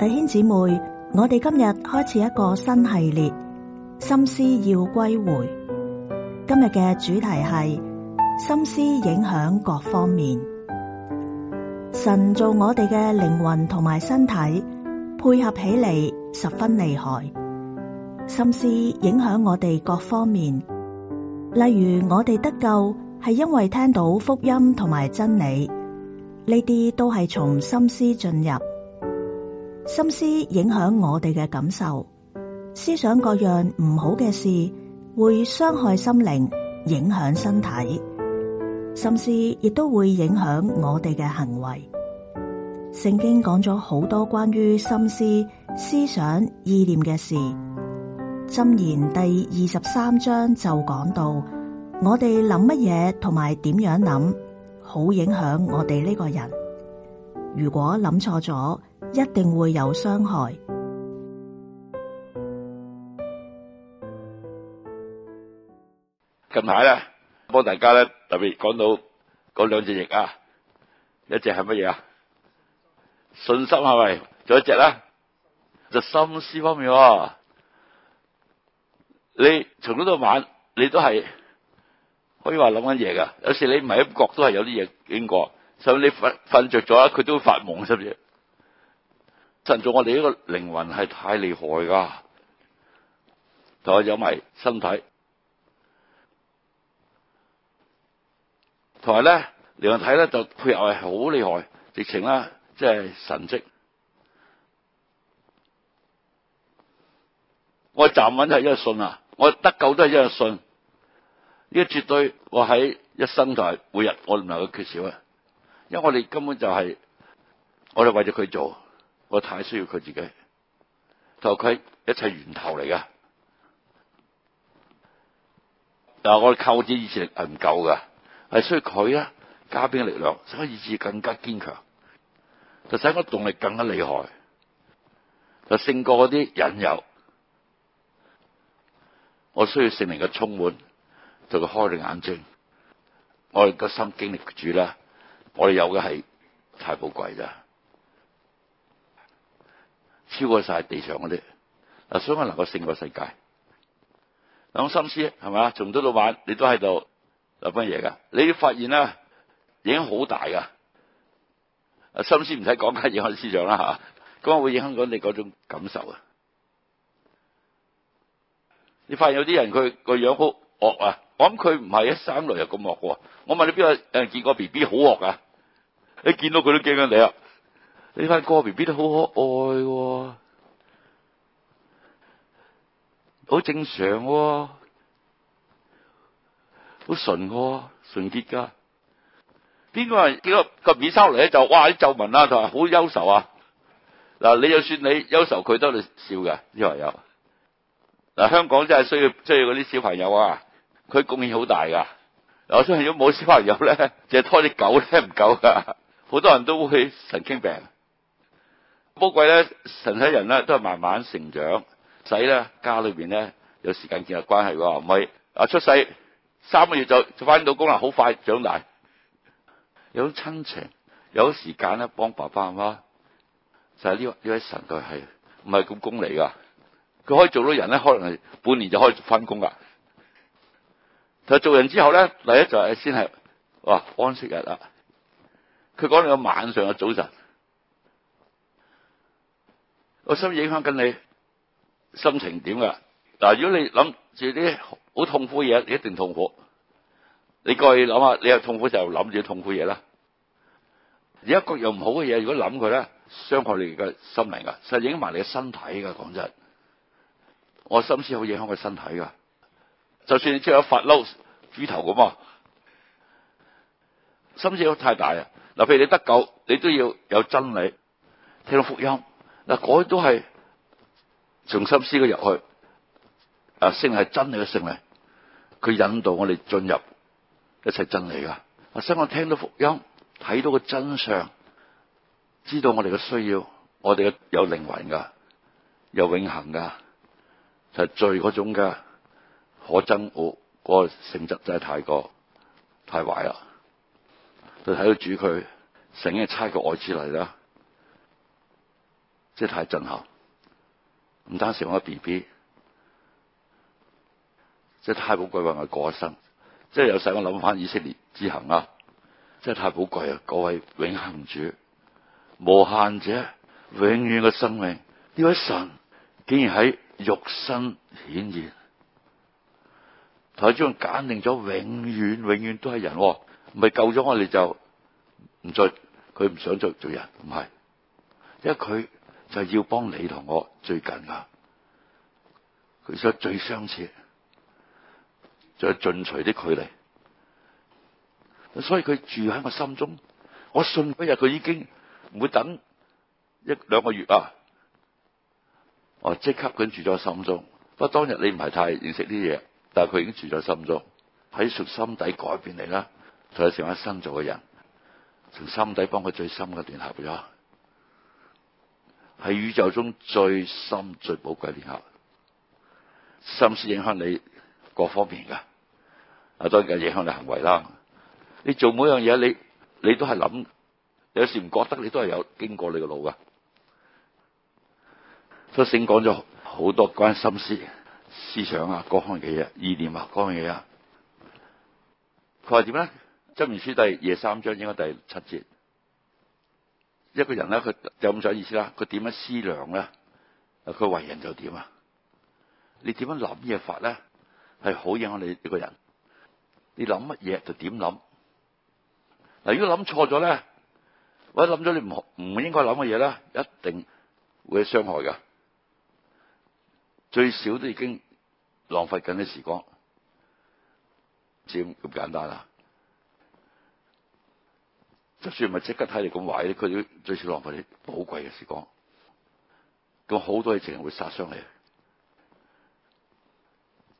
弟兄姊妹，我哋今日開始一個新系列，心思要歸回。今日嘅主題係心思影響各方面。神做我哋嘅靈魂同埋身體配合起嚟，十分厲害。心思影響我哋各方面，例如我哋得救係因為聽到福音同埋真理，呢啲都係從心思進入。心思影響我哋嘅感受，思想各樣唔好嘅事會傷害心靈，影響身體，甚至亦都會影響我哋嘅行為。聖經講咗好多關於心思、思想、意念嘅事。箴言第二十三章就講到，我哋諗乜嘢同埋點樣諗，好影響我哋呢個人。如果諗錯咗。一定會有傷害。近排咧，幫大家咧特別講到講兩隻翼啊，一隻係乜嘢啊？信心係咪？仲有一隻咧，就心思方面哦。你從朝到晚，你都係可以話諗緊嘢噶。有時你唔係一覺都係有啲嘢經過，就你瞓瞓着咗，佢都會發夢，係咪？神做我哋呢個靈魂係太厲害噶，同埋有埋身體，同埋咧靈魂體咧就配合係好厲害，直情啦，即係神蹟。我站穩都係因為信啊，我得救都係因為信。呢、這個絕對我喺一生就係每日我唔能夠缺少啊，因為我哋根本就係、是、我哋為咗佢做。我太需要佢自己，就佢一切源頭嚟噶。我哋靠住意志係唔夠噶，係需要佢啊加邊嘅力量，使我意志更加堅強，就使我動力更加厲害，就勝過嗰啲引誘。我需要聖靈嘅充滿，就佢開對眼睛。我哋個心經歷住啦，我哋有嘅係太寶貴㗎。超過晒地上嗰啲，嗱，所以我能夠勝過世界。嗱，心思，係咪啊？從朝到晚，你都喺度諗乜嘢噶。你發現啦，影響好大噶。心思唔使講，影響思想啦吓，咁、啊、會影響緊你嗰種感受啊。你發現有啲人佢個樣好惡啊，我諗佢唔係一三六又咁惡噶。我問你邊個誒見個 B B 好惡噶？你見到佢都驚緊你啊！呢班哥 B B 都好可愛、啊，好正常、啊，好純個，純潔噶。邊個人見到個面收嚟咧，就哇啲皺紋啊，就係好憂愁啊。嗱，你就算你憂愁，佢都喺度笑嘅因為有。嗱，香港真係需要需要嗰啲小朋友啊，佢貢獻好大噶。我相信如果冇小朋友咧，淨係拖啲狗咧唔夠噶，好多人都會神經病。寶貴咧，神啲人咧都係慢慢成長，使咧家裏邊咧有時間建立關係喎。唔係啊，出世三個月就就翻到工啦，好快長大，有親情，有時間咧幫爸爸媽媽。就係呢呢位神佢係唔係咁功利噶？佢可以做到人咧，可能係半年就可以翻工啦。就做人之後咧，第一就係、是、先係哇安息日啦。佢講到晚上嘅早晨。我心影響緊你心情點噶？嗱，如果你諗住啲好痛苦嘅嘢，你一定痛苦。你過去諗下，你有痛苦就諗住痛苦嘢啦。而家各樣唔好嘅嘢，如果諗佢咧，傷害你嘅心靈呀，實影埋你嘅身體噶。講真，我心思好影響佢身體噶。就算你即刻發嬲豬頭咁啊，心思好太大啊！嗱，譬如你得救，你都要有真理，聽到福音。嗱，嗰啲都係從心思佢入去，啊，聖靈係真理嘅聖靈，佢引導我哋進入一切真理噶。所以我聽到福音，睇到個真相，知道我哋嘅需要，我哋嘅有靈魂噶，有永恒噶，係罪嗰種噶，可憎惡嗰個性質真係太過太壞啦。就睇到主佢成日差個愛子嚟啦。即係太震撼，唔單止我個 B B，即係太寶貴，為我過生。即係有使我諗翻以色列之行啊，即係太寶貴啊！各位永恆主，無限者、永遠嘅生命，呢位神竟然喺肉身顯現，佢中揀定咗永遠、永遠都係人，哦、唔係救咗我哋就唔再佢唔想再做人，唔係，因為佢。就係要幫你同我最近噶，佢想最相似，就係盡除啲距離，所以佢住喺我心中，我信嗰日佢已經唔會等一兩個月啊，我即刻咁住咗心中。不過當日你唔係太認識啲嘢，但係佢已經住咗心中，喺屬心底改變你啦，就係成為一新造嘅人，從心底幫佢最深嘅聯合咗。係宇宙中最深最寶貴點合，心思影響你各方面噶，啊當然影響你行為啦。你做每樣嘢，你你都係諗，有時唔覺得你都係有經過你個腦噶。都醒講咗好多關心思思想啊，嗰樣嘢啊，意念啊，各方面的樣嘢啊。佢話點咧？箴言書第二三章應該第，應該第七節。一個人咧，佢就咁樣意思啦。佢點樣思量咧？佢為人就點啊？你點樣諗嘢法咧？係好影響你一個人。你諗乜嘢就點諗。嗱，如果諗錯咗咧，或者諗咗你唔唔應該諗嘅嘢咧，一定會有傷害噶。最少都已經浪費緊啲時光，知唔咁簡單啊？就算唔係即刻睇你咁壞咧，佢要最少浪費你寶貴嘅時光。咁好多嘢自然會殺傷你。